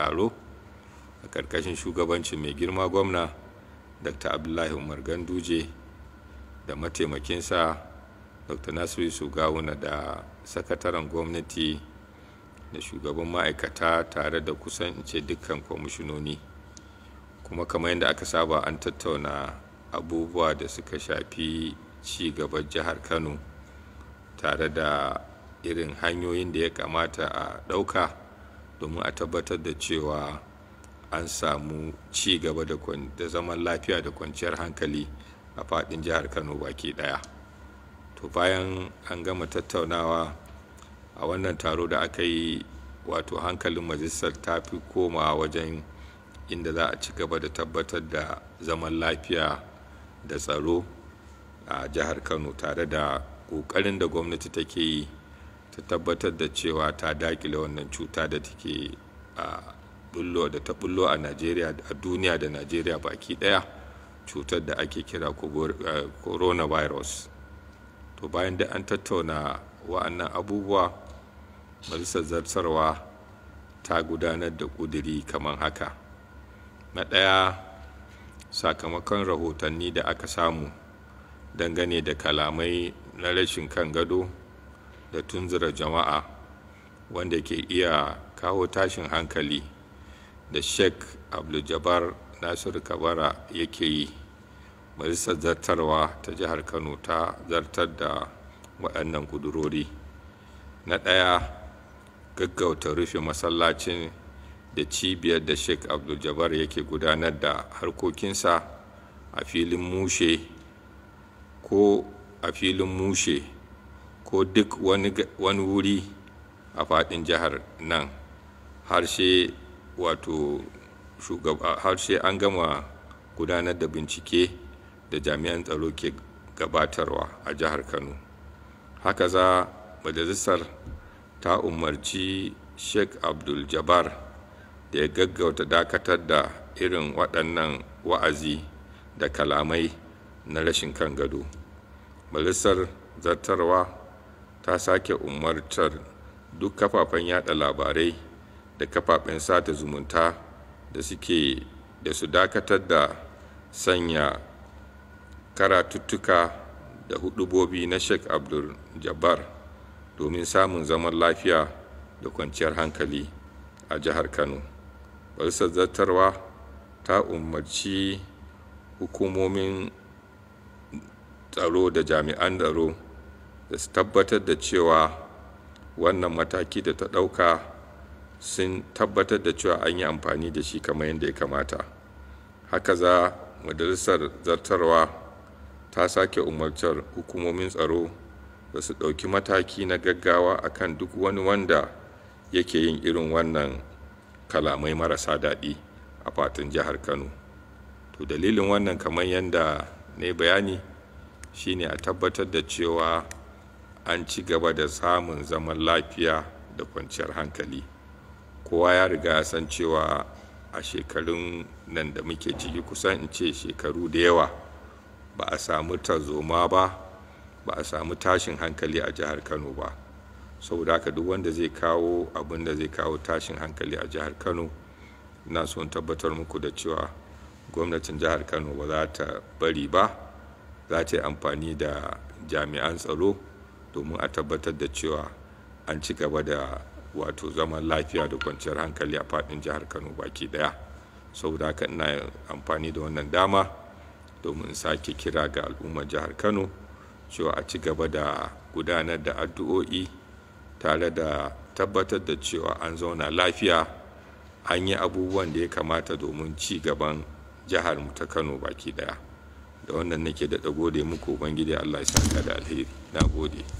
taro a ƙarƙashin shugabancin mai girma gwamna dr abdullahi umar ganduje da mataimakinsa dr nasiru sugawuna da sakataren gwamnati da shugaban ma'aikata tare da kusan ce dukkan kwamishinoni kuma kamar yadda aka saba an tattauna abubuwa da suka shafi ci gaban jihar kano tare da irin hanyoyin da ya kamata a ɗauka domin a tabbatar da cewa an samu ci gaba da zaman lafiya da kwanciyar hankali a fadin jihar kano baki ɗaya to bayan an gama tattaunawa a wannan taro da aka yi wato hankalin majalisar ta fi koma wajen inda za a ci gaba da tabbatar da zaman lafiya da tsaro a jihar kano tare da ƙoƙarin da gwamnati take yi ta tabbatar da cewa ta dakile wannan cuta da take a bullo da ta bullo a najeriya a duniya da najeriya baki daya cutar da ake kira coronavirus to bayan da an tattauna wa'annan abubuwa majalisar zartarwa ta gudanar da ƙudiri kamar haka na ɗaya sakamakon rahotanni da aka samu dangane da kalamai na rashin kan gado da tunzura jama'a wanda ke iya kawo tashin hankali da sheikh abdul-jabbar nasiru kabara yake yi majalisar zartarwa ta jihar kano ta zartar da waɗannan ƙudurori na ɗaya gaggauta rufe masallacin da cibiyar da sheikh abdul-jabbar yake gudanar da harkokinsa a filin mushe ko a filin mushe ko duk wani wuri a faɗin jihar nan harshe an gama gudanar da bincike da jami'an tsaro ke gabatarwa a jihar kano haka za majalisar ta umarci sheikh abdul jabbar da ya gaggauta dakatar da irin waɗannan wa'azi da kalamai na rashin kan gado majalisar zartarwa ta sake umartar duk kafafen yada labarai da kafafen sata zumunta da suke da su dakatar da sanya karatuttuka da hudubobi na sheikh abdul jabbar domin samun zaman lafiya da kwanciyar hankali a jihar kano barisar zartarwa ta umarci hukumomin tsaro da jami'an tsaro da su tabbatar da cewa wannan mataki da ta ɗauka sun tabbatar da cewa an yi amfani da shi kamar yadda ya kamata haka za majalisar zartarwa ta sake umarcar hukumomin tsaro da su ɗauki mataki na gaggawa akan duk wani wanda yake yin irin wannan kalamai marasa daɗi a fatan jihar kano to dalilin wannan kamar yadda na yi bayani shine a tabbatar da cewa an ci gaba da samun zaman lafiya da kwanciyar hankali kowa ya riga ya san cewa a shekarun nan da muke ciki kusan in ce shekaru da yawa ba a samu tazoma ba ba a samu tashin hankali a jihar kano ba saboda haka duk wanda zai kawo abin da zai kawo tashin hankali a jihar kano na son tabbatar muku da cewa gwamnatin jihar kano ba za ta bari ba za ta yi amfani da jami'an tsaro domin a tabbatar da cewa an ci gaba da wato zaman lafiya da kwanciyar hankali a fadin jihar kano baki ɗaya saboda haka ina amfani da wannan dama domin in sake kira ga al'ummar jihar kano cewa a ci gaba da gudanar da addu'o'i tare da tabbatar da cewa an zauna lafiya an yi abubuwan da ya kamata domin ci gaban jihar mu ta kano baki ɗaya da wannan nake da gode muku ubangiji allah ya sa da alheri na gode